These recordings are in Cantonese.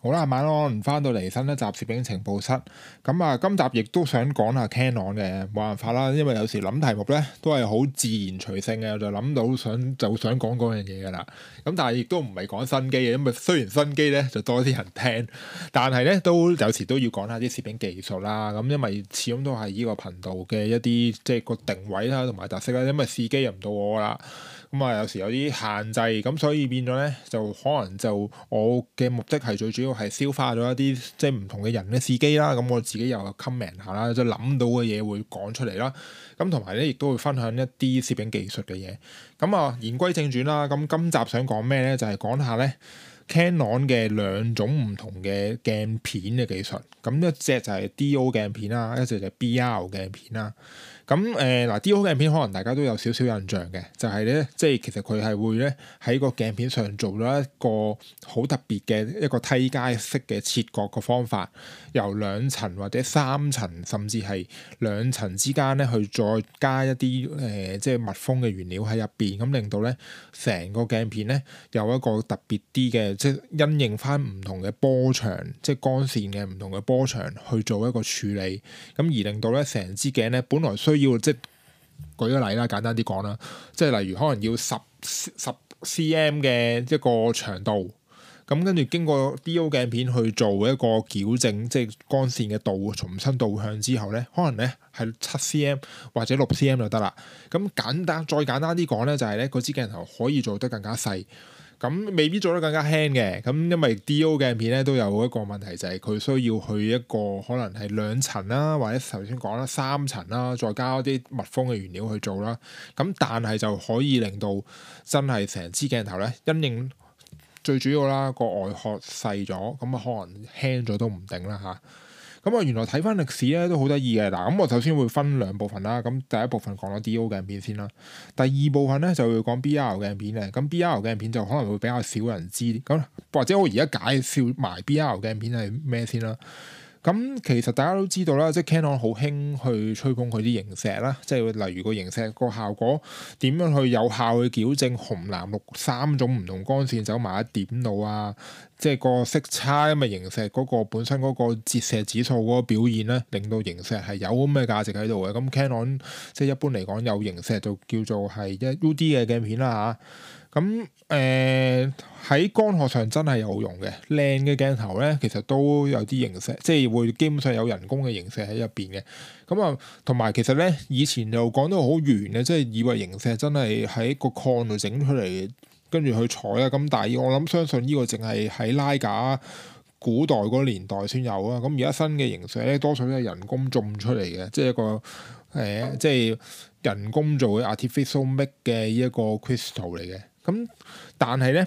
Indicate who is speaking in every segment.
Speaker 1: 好啦，晚安！唔翻到嚟新一集攝影情報室，咁、嗯、啊，今集亦都想講下 Canon 嘅，冇辦法啦，因為有時諗題目咧都係好自然隨性嘅，就諗到想就想講嗰樣嘢噶啦。咁、嗯、但係亦都唔係講新機嘅，因為雖然新機咧就多啲人聽，但係咧都有時都要講下啲攝影技術啦。咁因為始終都係依個頻道嘅一啲即係個定位啦，同埋特色啦，因為試機又唔到我啦。咁啊，有時有啲限制，咁所以變咗咧，就可能就我嘅目的係最主要係消化咗一啲即係唔同嘅人嘅試機啦，咁我自己又 comment 下啦，即係諗到嘅嘢會講出嚟啦。咁同埋咧，亦都會分享一啲攝影技術嘅嘢。咁啊，言歸正傳啦，咁今集想講咩咧？就係講下咧 Canon 嘅兩種唔同嘅鏡片嘅技術。咁一隻就係 DO 鏡片啦，一隻就係 BR 鏡片啦。咁誒嗱，D.O. 鏡片可能大家都有少少印象嘅，就係、是、咧，即係其實佢係會咧喺個鏡片上做咗一個好特別嘅一個梯階式嘅切割嘅方法，由兩層或者三層甚至係兩層之間咧去再加一啲誒、呃、即係密封嘅原料喺入邊，咁、嗯、令到咧成個鏡片咧有一個特別啲嘅，即係因應翻唔同嘅波長，即係光線嘅唔同嘅波長去做一個處理，咁、嗯、而令到咧成支鏡咧，本來需要即係舉個例啦，簡單啲講啦，即係例如可能要十十 cm 嘅一個長度，咁跟住經過 DO 鏡片去做一個矯正，即係光線嘅導重新導向之後呢，可能呢係七 cm 或者六 cm 就得啦。咁簡單，再簡單啲講呢，就係呢，嗰支鏡頭可以做得更加細。咁未必做得更加輕嘅，咁因為 D.O 鏡片咧都有一個問題，就係、是、佢需要去一個可能係兩層啦，或者頭先講啦三層啦，再加啲密封嘅原料去做啦。咁但係就可以令到真係成支鏡頭咧，因應最主要啦，個外殼細咗，咁啊可能輕咗都唔定啦嚇。啊咁啊，原來睇翻歷史咧都好得意嘅。嗱，咁我首先會分兩部分啦。咁第一部分講咗 D.O. 鏡片先啦，第二部分咧就會講 B.R. 鏡片咧。咁 B.R. 鏡片就可能會比較少人知。咁或者我而家介紹埋 B.R. 鏡片係咩先啦。咁其實大家都知道啦，即係 Canon 好興去吹捧佢啲螢石啦，即係例如個螢石個效果點樣去有效去矯正紅藍綠三種唔同光線走埋一點路啊，即係個色差。咁啊，螢石嗰個本身嗰個折射指數嗰個表現咧，令到螢石係有咁嘅價值喺度嘅。咁 Canon 即係一般嚟講有螢石就叫做係一 UD 嘅鏡片啦嚇。啊咁誒喺光學上真係有用嘅，靚嘅鏡頭咧，其實都有啲螢石，即係會基本上有人工嘅螢石喺入邊嘅。咁啊，同埋其實咧，以前就講得好圓嘅，即係以為螢石真係喺個礦度整出嚟，跟住去採啊。咁但係我諗相信呢個淨係喺拉架古代嗰年代先有啊。咁而家新嘅螢石咧，多數都係人工種出嚟嘅，即係一個誒、欸，即係人工做嘅 artificial make 嘅呢一個 crystal 嚟嘅。咁，但係咧，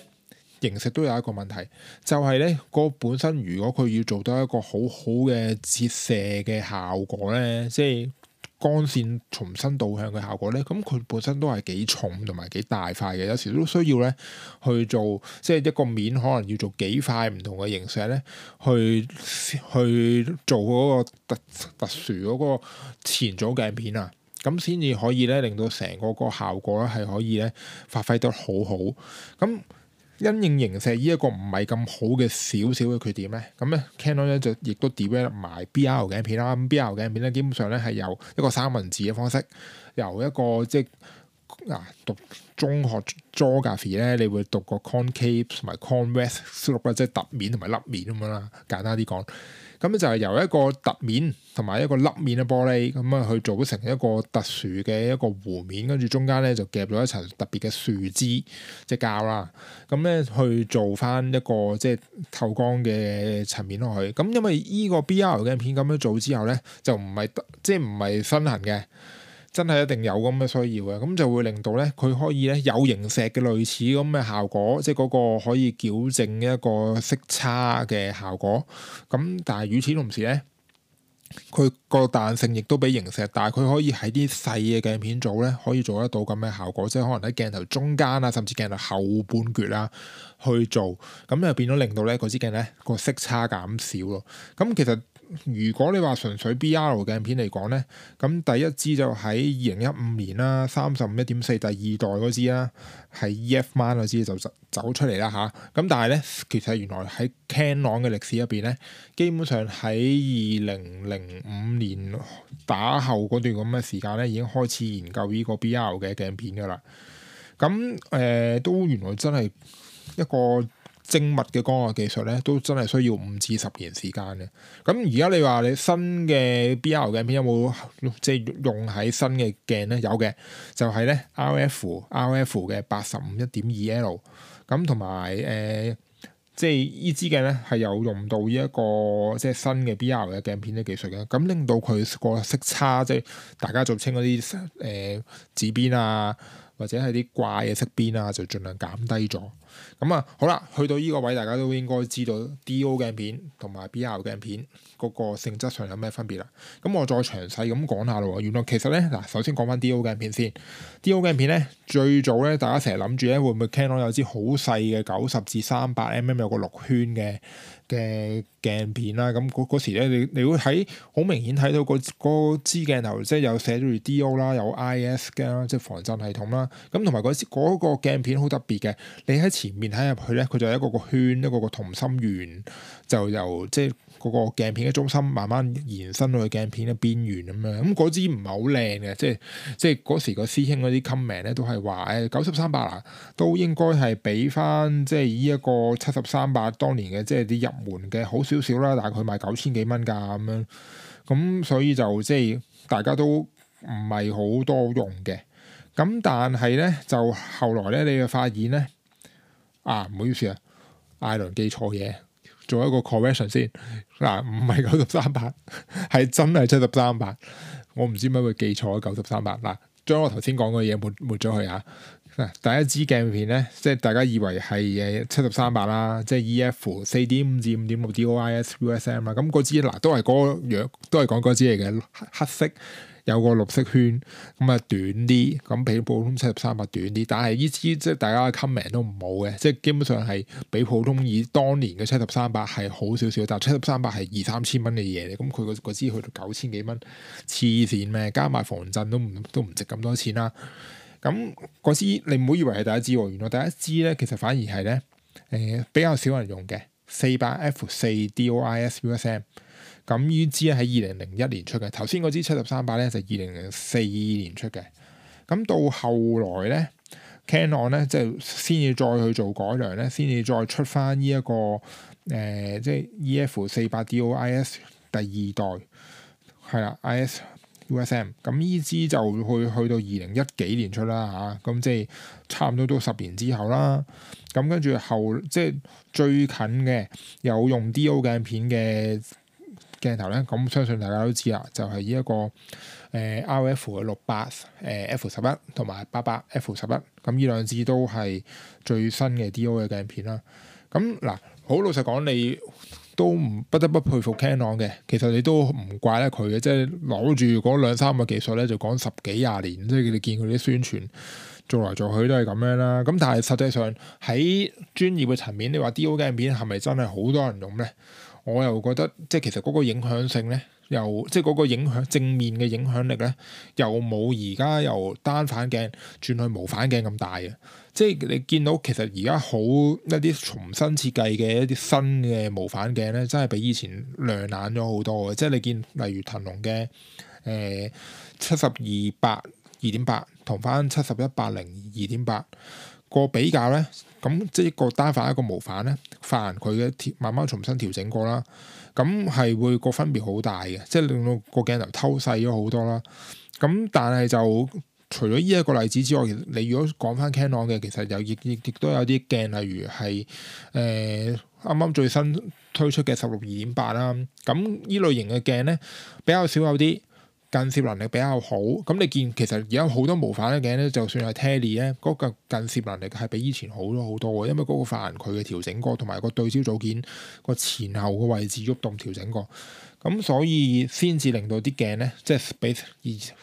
Speaker 1: 螢石都有一個問題，就係、是、咧，嗰本身如果佢要做到一個好好嘅折射嘅效果咧，即係光線重新導向嘅效果咧，咁佢本身都係幾重同埋幾大塊嘅，有時都需要咧去做，即係一個面可能要做幾塊唔同嘅螢石咧，去去做嗰個特特殊嗰個前組鏡片啊。咁先至可以咧，令到成個個效果咧係可以咧發揮得好好。咁因應形射呢一個唔係咁好嘅少少嘅缺點咧，咁咧 Canon 咧就亦都 develop 埋 BR 鏡片啦。咁、嗯、BR 鏡片咧基本上咧係由一個三文治嘅方式，由一個即嗱、啊，讀中學 geography 咧，你會讀個 concave 同埋 convex slope，即係凸面同埋凹面咁樣啦。簡單啲講，咁就係由一個凸面同埋一個凹面嘅玻璃咁樣，去組成一個特殊嘅一個弧面，跟住中間咧就夾咗一層特別嘅樹脂即係膠啦。咁咧去做翻一個即係透光嘅層面落去。咁因為依個 BR 鏡片咁樣做之後咧，就唔係即係唔係分層嘅。真係一定有咁嘅需要嘅，咁就會令到咧佢可以咧有螢石嘅類似咁嘅效果，即係嗰個可以矯正一個色差嘅效果。咁但係與此同時咧，佢個彈性亦都比螢石大，但係佢可以喺啲細嘅鏡片做咧，可以做得到咁嘅效果，即係可能喺鏡頭中間啊，甚至鏡頭後半橛啦、啊、去做，咁又變咗令到咧嗰支鏡咧個色差減少咯。咁其實～如果你話純粹 B.R 鏡片嚟講呢，咁第一支就喺二零一五年啦，三十五一點四第二代嗰支啦，喺 EF man 嗰支就走走出嚟啦。吓咁但係呢，其實原來喺 Canon 嘅歷史入邊呢，基本上喺二零零五年打後嗰段咁嘅時間呢，已經開始研究呢個 B.R 嘅鏡片噶啦。咁誒、呃、都原來真係一個精密嘅光學技術咧，都真係需要五至十年時間嘅。咁而家你話你新嘅 BR 鏡片有冇即係用喺新嘅鏡咧？有嘅就係、是、咧 R F R F 嘅八十五一點二 L。咁同埋誒，即係依支鏡咧係有用到依、這、一個即係新嘅 BR 嘅鏡片嘅技術嘅。咁令到佢個色差即係大家做清嗰啲誒紫邊啊，或者係啲怪嘅色邊啊，就盡量減低咗。咁啊，好啦，去到呢個位，大家都應該知道 D.O 鏡片同埋 B.R 鏡片嗰個性質上有咩分別啦。咁我再詳細咁講下啦喎。原來其實咧，嗱，首先講翻 D.O 鏡片先。D.O 鏡片咧，最早咧，大家成日諗住咧，會唔會聽到有支好細嘅九十至三百 mm 有個六圈嘅嘅鏡片啦？咁嗰時咧，你你會睇好明顯睇到嗰支鏡頭，即係有寫住 D.O 啦，有 I.S 嘅，即係防震系統啦。咁同埋嗰時嗰個鏡片好特別嘅，你喺前面睇入去咧，佢就係一個個圈，一個個同心圓，就由即係嗰個鏡片嘅中心慢慢延伸到鏡片嘅邊緣咁樣。咁、嗯、嗰支唔係好靚嘅，即係即係嗰時個師兄嗰啲 comment 咧都係話誒九十三百啊，都應該係俾翻即係依一個七十三百當年嘅，即係啲入門嘅好少少啦。大概賣九千幾蚊㗎咁樣，咁、嗯、所以就即係大家都唔係好多用嘅。咁但係咧就後來咧，你就發現咧。啊，唔好意思啊，艾倫記錯嘢，做一個 correction 先嗱，唔係九十三百，係真係七十三百，我唔知咩會記錯啊，九十三百嗱，將、啊、我頭先講嘅嘢抹抹咗佢啊嗱、啊，第一支鏡片咧，即係大家以為係誒七十三百啦，即係 E F 四點五至五點六 D O I S U S M、嗯、啊，咁嗰支嗱都係嗰、那個樣，都係講嗰支嚟嘅黑，黑色。有個綠色圈，咁啊短啲，咁比普通七十三百短啲，但係呢支即係大家 comment 都唔好嘅，即係基本上係比普通以當年嘅七十三百係好少少，但七十三百係二三千蚊嘅嘢咧，咁佢嗰支去到九千幾蚊，黐線咩？加埋防震都唔都唔值咁多錢啦。咁嗰支你唔好以為係第一支喎、哦，原來第一支咧其實反而係咧，誒、呃、比較少人用嘅四百 F 四 DO IS USM。咁呢支喺二零零一年出嘅，頭先嗰支七十三百咧就二零零四年出嘅。咁到後來咧，Canon 咧即係先至再去做改良咧，先至再出翻呢一個誒、呃，即係 E F 四百 D O I S 第二代係啦 I S U S M。咁呢支就會去去到二零一幾年出啦吓，咁、啊、即係差唔多都十年之後啦。咁跟住後即係最近嘅有用 D O 鏡片嘅鏡頭咧，咁相信大家都知啦，就係呢一個誒、呃、R、呃、F 嘅六八誒 F 十一同埋八八 F 十一，咁呢兩支都係最新嘅 D O 嘅鏡片啦。咁嗱，好老實講，你都唔不得不佩服 Canon 嘅，其實你都唔怪得佢嘅，即係攞住嗰兩三個技術咧，就講十幾廿年，即係你見佢啲宣傳做嚟做去都係咁樣啦。咁但係實際上喺專業嘅層面，你話 D O 鏡片係咪真係好多人用咧？我又覺得即係其實嗰個影響性咧，又即係嗰個影響正面嘅影響力咧，又冇而家由單反鏡轉去無反鏡咁大嘅。即係你見到其實而家好一啲重新設計嘅一啲新嘅無反鏡咧，真係比以前亮眼咗好多嘅。即係你見例如騰龍嘅誒七十二百二點八同翻七十一百零二點八。個比較咧，咁即係一個單反一個無反咧，反佢嘅慢慢重新調整過啦，咁係會個分別好大嘅，即係令到個鏡頭偷細咗好多啦。咁但係就除咗呢一個例子之外，其實你如果講翻 Canon 嘅，其實又亦亦亦都有啲鏡，例如係誒啱啱最新推出嘅十六二點八啦。咁呢類型嘅鏡咧比較少有啲。近攝能力比較好，咁你見其實而家好多無反嘅鏡咧，就算係 Telly 咧，嗰個近攝能力係比以前好咗好多，因為嗰個範佢嘅調整過，同埋個對焦組件個前後嘅位置喐動調整過，咁所以先至令到啲鏡咧，即係比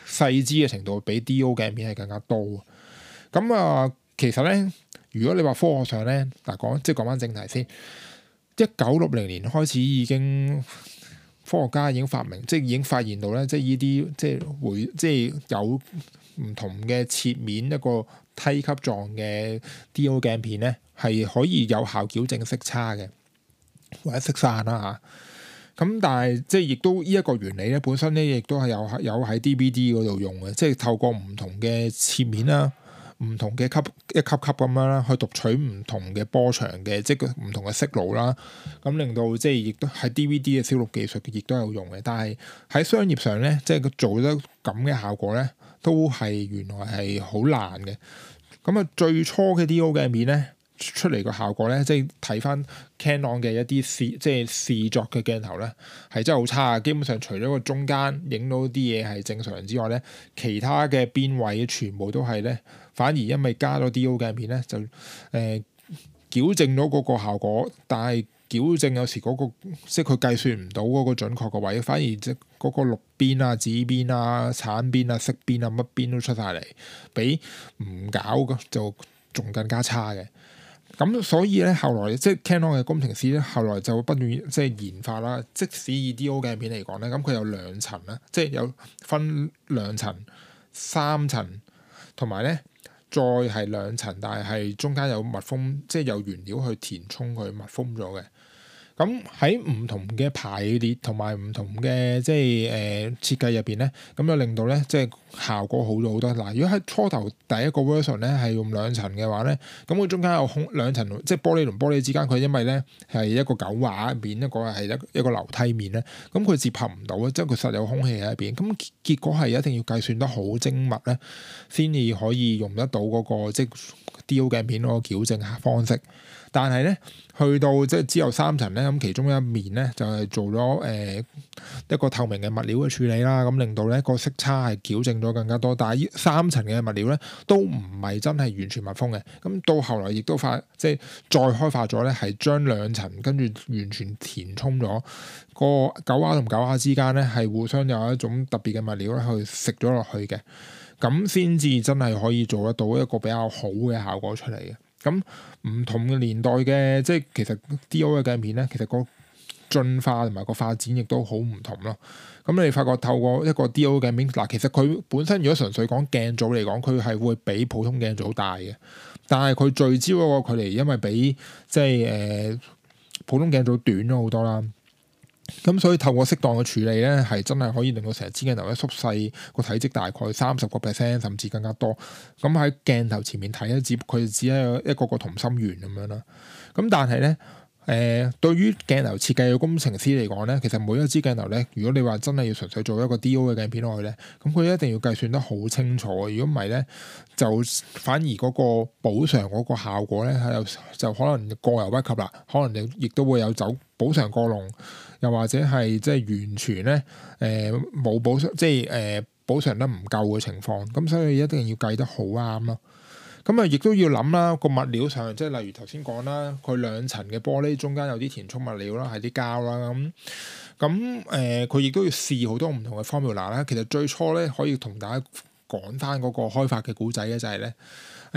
Speaker 1: 細支嘅程度比 D.O 鏡片係更加多。咁啊、呃，其實咧，如果你話科學上咧嗱講，即係講翻正題先，一九六零年開始已經。科學家已經發明，即係已經發現到咧，即係呢啲即係會，即係有唔同嘅切面一個梯級狀嘅 DO 鏡片咧，係可以有效矯正色差嘅，或者色散啦嚇。咁、啊、但係即係亦都呢一、這個原理咧，本身咧亦都係有有喺 DVD 嗰度用嘅，即係透過唔同嘅切面啦。唔同嘅級一級級咁樣啦，去讀取唔同嘅波長嘅，即係唔同嘅色路啦，咁令到即係亦都喺 DVD 嘅燒錄技術亦都有用嘅。但係喺商業上咧，即係佢做得咁嘅效果咧，都係原來係好難嘅。咁啊，最初嘅 D.O 鏡面咧，出嚟個效果咧，即係睇翻 Canon 嘅一啲試，即係試作嘅鏡頭咧，係真係好差啊！基本上除咗個中間影到啲嘢係正常之外咧，其他嘅邊位全部都係咧。反而因為加咗 DO 鏡片咧，就誒、呃、矯正咗嗰個效果，但係矯正有時嗰、嗰個即佢計算唔到嗰個準確個位，反而即嗰個綠邊啊、紫邊啊、橙邊啊、色邊啊乜邊都出晒嚟，比唔搞嘅就仲更加差嘅。咁所以咧，後來即 Canon 嘅工程師咧，後來就不斷即研發啦。即使以 DO 鏡片嚟講咧，咁佢有兩層啦，即有分兩層、三層同埋咧。再係兩層，但係中間有密封，即係有原料去填充佢密封咗嘅。咁喺唔同嘅排列同埋唔同嘅即係誒、呃、設計入邊咧，咁就令到咧即係效果好咗好多。嗱，如果喺初頭第一個 version 咧係用兩層嘅話咧，咁佢中間有空兩層，即係玻璃同玻璃之間，佢因為咧係一個九畫面一個係一個一個樓梯面咧，咁佢接合唔到啊，即係佢實有空氣喺入邊。咁結果係一定要計算得好精密咧，先至可以用得到嗰、嗰個即。DO 鏡片嗰個矯正方式，但係咧去到即係只有三層咧，咁其中一面咧就係、是、做咗誒、呃、一個透明嘅物料嘅處理啦，咁、嗯、令到咧個色差係矯正咗更加多。但係呢三層嘅物料咧都唔係真係完全密封嘅，咁、嗯、到後來亦都發即係再開發咗咧，係將兩層跟住完全填充咗、那個狗牙同狗牙之間咧係互相有一種特別嘅物料咧去食咗落去嘅。咁先至真係可以做得到一個比較好嘅效果出嚟嘅。咁唔同嘅年代嘅，即係其實 D.O. 嘅鏡片咧，其實個進化同埋個發展亦都好唔同咯。咁你發覺透過一個 D.O. 鏡片，嗱其實佢本身如果純粹講鏡組嚟講，佢係會比普通鏡組大嘅，但係佢聚焦嗰個距離，因為比即係誒、呃、普通鏡組短咗好多啦。咁所以透過適當嘅處理咧，係真係可以令到成日支鏡頭一縮細個體積，大概三十個 percent 甚至更加多。咁喺鏡頭前面睇咧，就只佢只係一個個同心圓咁樣啦。咁但係咧。誒、呃、對於鏡頭設計嘅工程師嚟講咧，其實每一支鏡頭咧，如果你話真係要純粹做一個 DO 嘅鏡片落去咧，咁佢一定要計算得好清楚。如果唔係咧，就反而嗰個補償嗰個效果咧，係有就可能過油不及啦，可能亦都會有走補償過龍，又或者係即係完全咧誒冇補償，即係誒補償得唔夠嘅情況。咁所以一定要計得好啱咯。咁啊，亦都要諗啦，個物料上，即係例如頭先講啦，佢兩層嘅玻璃中間有啲填充物料啦，係啲膠啦，咁咁誒，佢亦都要試好多唔同嘅 formula 啦。其實最初咧，可以同大家講翻嗰個開發嘅古仔咧，就係咧，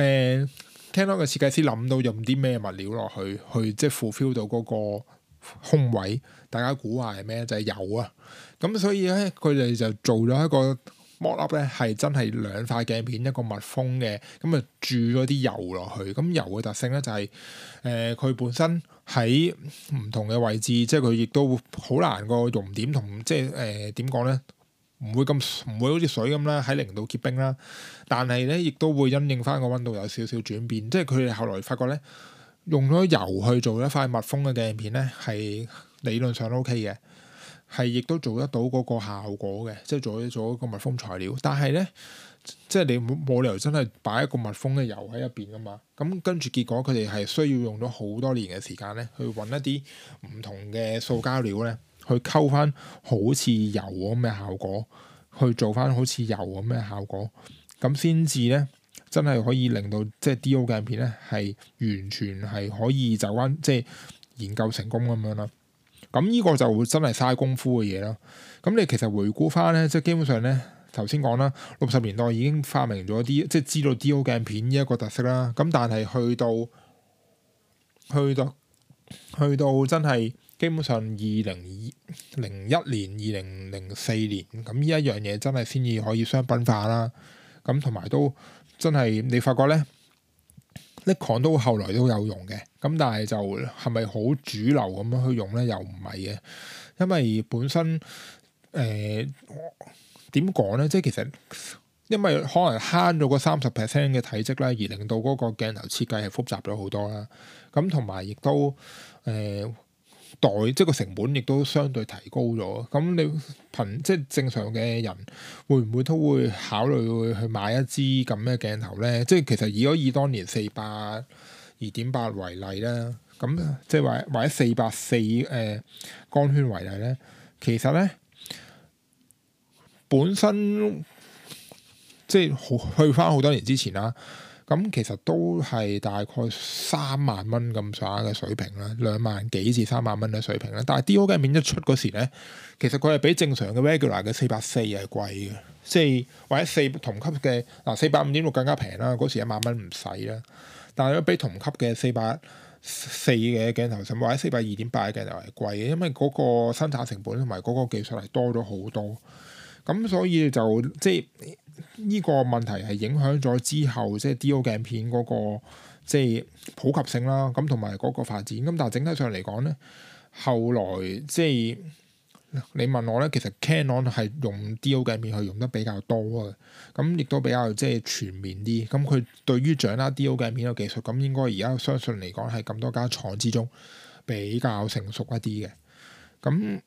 Speaker 1: 誒，Canon 嘅設計師諗到用啲咩物料落去，去即係、就是、fulfill 到嗰個空位，大家估下係咩？就係油啊！咁所以咧，佢哋就做咗一個。摩粒咧係真係兩塊鏡片一個密封嘅，咁啊注咗啲油落去，咁油嘅特性咧就係誒佢本身喺唔同嘅位置，即係佢亦都好難個熔點同即係誒點講咧，唔會咁唔會好似水咁啦，喺零度結冰啦。但係咧亦都會因應翻個溫度有少少轉變，即係佢哋後來發覺咧，用咗油去做一塊密封嘅鏡片咧，係理論上都 OK 嘅。係，亦都做得到嗰個效果嘅，即係做咗做一個密封材料。但係咧，即係你冇理由真係擺一個密封嘅油喺入邊噶嘛？咁跟住結果，佢哋係需要用咗好多年嘅時間咧，去揾一啲唔同嘅塑膠料咧，去溝翻好似油咁嘅效果，去做翻好似油咁嘅效果，咁先至咧，真係可以令到即係、就是、D.O 鏡片咧係完全係可以走返即係研究成功咁樣啦。咁呢個就會真係嘥功夫嘅嘢咯。咁你其實回顧翻呢，即係基本上呢，頭先講啦，六十年代已經發明咗啲，即係知道 D.O 鏡片呢一個特色啦。咁但係去到去到去到真係基本上二零二零一年、二零零四年，咁呢一樣嘢真係先至可以商品化啦。咁同埋都真係你發覺呢。呢款都後來都有用嘅，咁但係就係咪好主流咁樣去用咧？又唔係嘅，因為本身誒點講咧？即係其實因為可能慳咗嗰三十 percent 嘅體積咧，而令到嗰個鏡頭設計係複雜咗好多啦。咁同埋亦都誒。呃代即係個成本亦都相對提高咗，咁你貧即係正常嘅人會唔會都會考慮會去買一支咁嘅鏡頭呢？即係其實如果以當年四百二點八為例啦，咁即係或或者四百四誒光圈為例呢，其實呢本身即係好去翻好多年之前啦。咁其實都係大概三萬蚊咁上下嘅水平啦，兩萬幾至三萬蚊嘅水平啦。但係 D.O. 鏡片一出嗰時咧，其實佢係比正常嘅 Regular 嘅四百四係貴嘅，即係或者四同級嘅嗱四百五點六更加平啦。嗰時一萬蚊唔使啦，但係佢比同級嘅四百四嘅鏡頭，甚或者四百二點八嘅鏡頭係貴嘅，因為嗰個生產成本同埋嗰個技術係多咗好多。咁所以就即係。就是呢個問題係影響咗之後，即係 D.O 鏡片嗰個即係普及性啦，咁同埋嗰個發展。咁但係整體上嚟講咧，後來即係你問我咧，其實 Canon 係用 D.O 鏡片係用得比較多啊，咁亦都比較即係全面啲。咁佢對於掌握 D.O 鏡片嘅技術，咁應該而家相信嚟講係咁多間廠之中比較成熟一啲嘅。咁。嗯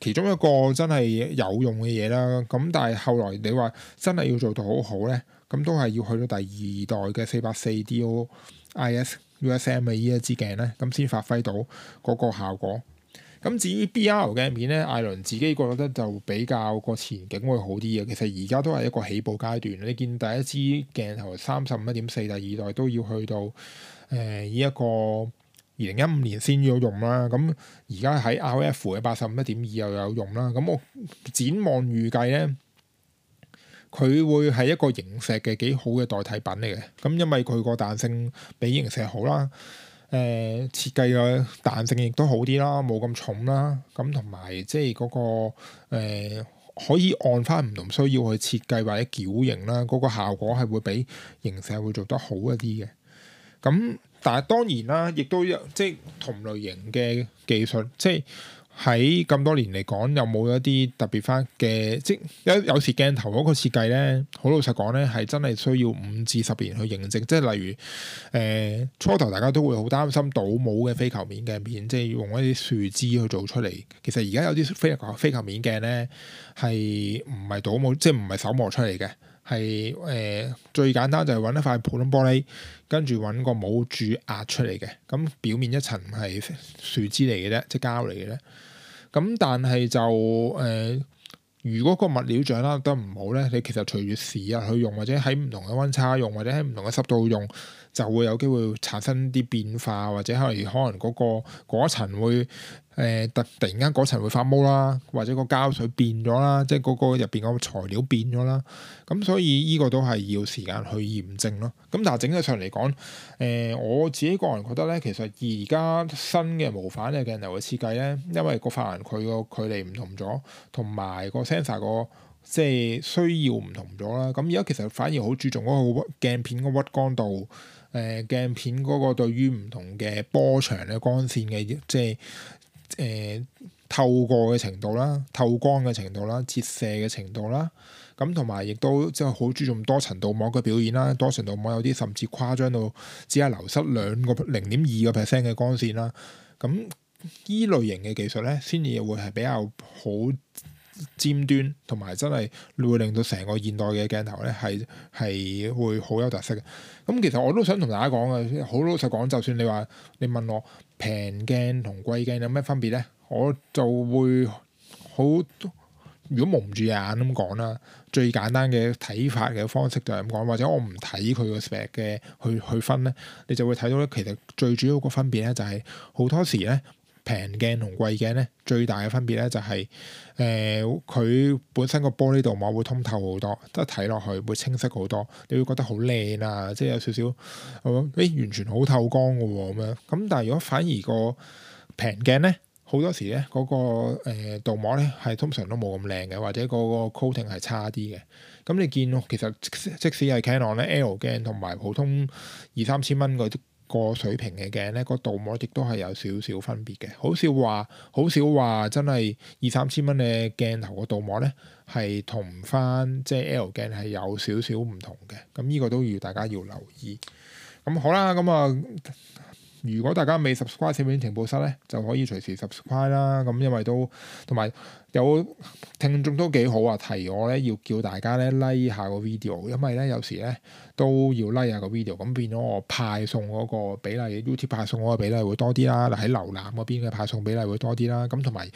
Speaker 1: 其中一個真係有用嘅嘢啦，咁但係後來你話真係要做到好好呢，咁都係要去到第二代嘅四百四 DO IS USM 嘅呢一支鏡呢，咁先發揮到嗰個效果。咁至於 BR 鏡片呢，艾倫自己覺得就比較個前景會好啲嘅。其實而家都係一個起步階段，你見第一支鏡頭35.4，第二代都要去到誒、呃、一個。二零一五年先有用啦，咁而家喺 RF 嘅八十五一點二又有用啦。咁我展望預計呢，佢會係一個螢石嘅幾好嘅代替品嚟嘅。咁因為佢個彈性比螢石好啦，誒設計嘅彈性亦都好啲啦，冇咁重啦。咁同埋即係嗰個、呃、可以按翻唔同需要去設計或者矯形啦，嗰、嗰個效果係會比螢石會做得好一啲嘅。咁但係當然啦，亦都有即係同類型嘅技術，即係喺咁多年嚟講，有冇一啲特別翻嘅？即有有時鏡頭嗰個設計咧，好老實講咧，係真係需要五至十年去認證。即係例如誒、呃、初頭大家都會好擔心倒模嘅非球面鏡片，即係用一啲樹脂去做出嚟。其實而家有啲非球非球面鏡咧係唔係倒模，即係唔係手磨出嚟嘅。係誒、呃、最簡單就係揾一塊普通玻璃，跟住揾個冇注壓出嚟嘅，咁、嗯、表面一層係樹脂嚟嘅啫，即係膠嚟嘅咧。咁、嗯、但係就誒、呃，如果個物料掌握得唔好咧，你其實隨住時日去用，或者喺唔同嘅温差用，或者喺唔同嘅濕度用，就會有機會產生啲變化，或者可能嗰、嗰個嗰一層會。誒突、呃、突然間嗰層會發毛啦，或者個膠水變咗啦，即係嗰個入邊嗰個材料變咗啦，咁、嗯、所以呢個都係要時間去驗證咯。咁、嗯、但係整體上嚟講，誒、呃、我自己個人覺得咧，其實而家新嘅無反嘅鏡頭嘅設計咧，因為個法蘭佢個距離唔同咗，同埋個 sensor 個即係需要唔同咗啦。咁而家其實反而好注重嗰個鏡片個屈光度，誒、呃、鏡片嗰個對於唔同嘅波長嘅光線嘅即係。誒、呃、透過嘅程度啦，透光嘅程度啦，折射嘅程度啦，咁同埋亦都即係好注重多層鍍膜嘅表現啦。多層鍍膜有啲甚至誇張到只係流失兩個零點二個 percent 嘅光線啦。咁依類型嘅技術咧，先至會係比較好。尖端同埋真係會令到成個現代嘅鏡頭咧，係係會好有特色嘅。咁其實我都想同大家講嘅，好老實講，就算你話你問我平鏡同貴鏡有咩分別咧，我就會好如果矇唔住眼咁講啦。最簡單嘅睇法嘅方式就係咁講，或者我唔睇佢個 Spec 嘅去去分咧，你就會睇到咧。其實最主要個分別咧就係、是、好多時咧。平鏡同貴鏡咧，最大嘅分別咧就係、是，誒、呃、佢本身個玻璃鍍膜會通透好多，即係睇落去會清晰好多，你會覺得好靚啊！即係有少少，誒、呃欸、完全好透光嘅咁、哦、樣。咁但係如果反而個平鏡咧，好多時咧嗰、那個誒鍍膜咧係通常都冇咁靚嘅，或者嗰個 coating 係差啲嘅。咁你見、呃、其實即使係 Canon 咧、L 鏡同埋普通二三千蚊嗰啲。個水平嘅鏡呢，個鍍膜亦都係有少少分別嘅，好少話，好少話真係二三千蚊嘅鏡頭個鍍膜呢係同返即係 L 鏡係有少少唔同嘅，咁呢個都要大家要留意。咁好啦，咁啊。如果大家未 subscribe 前面情報室咧，就可以隨時 subscribe 啦。咁因為都同埋有，有聽眾都幾好啊，提我咧要叫大家咧 l、like、下個 video，因為咧有時咧都要 l、like、下個 video，咁變咗我派送嗰個比例，YouTube 派送嗰個比例會多啲啦。喺瀏覽嗰邊嘅派送比例會多啲啦。咁同埋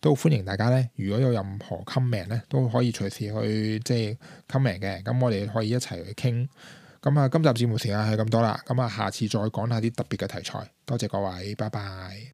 Speaker 1: 都歡迎大家咧，如果有任何 comment 咧，都可以隨時去即係 comment 嘅，咁我哋可以一齊去傾。咁啊，今集節目時間係咁多啦，咁啊，下次再講下啲特別嘅題材。多謝各位，拜拜。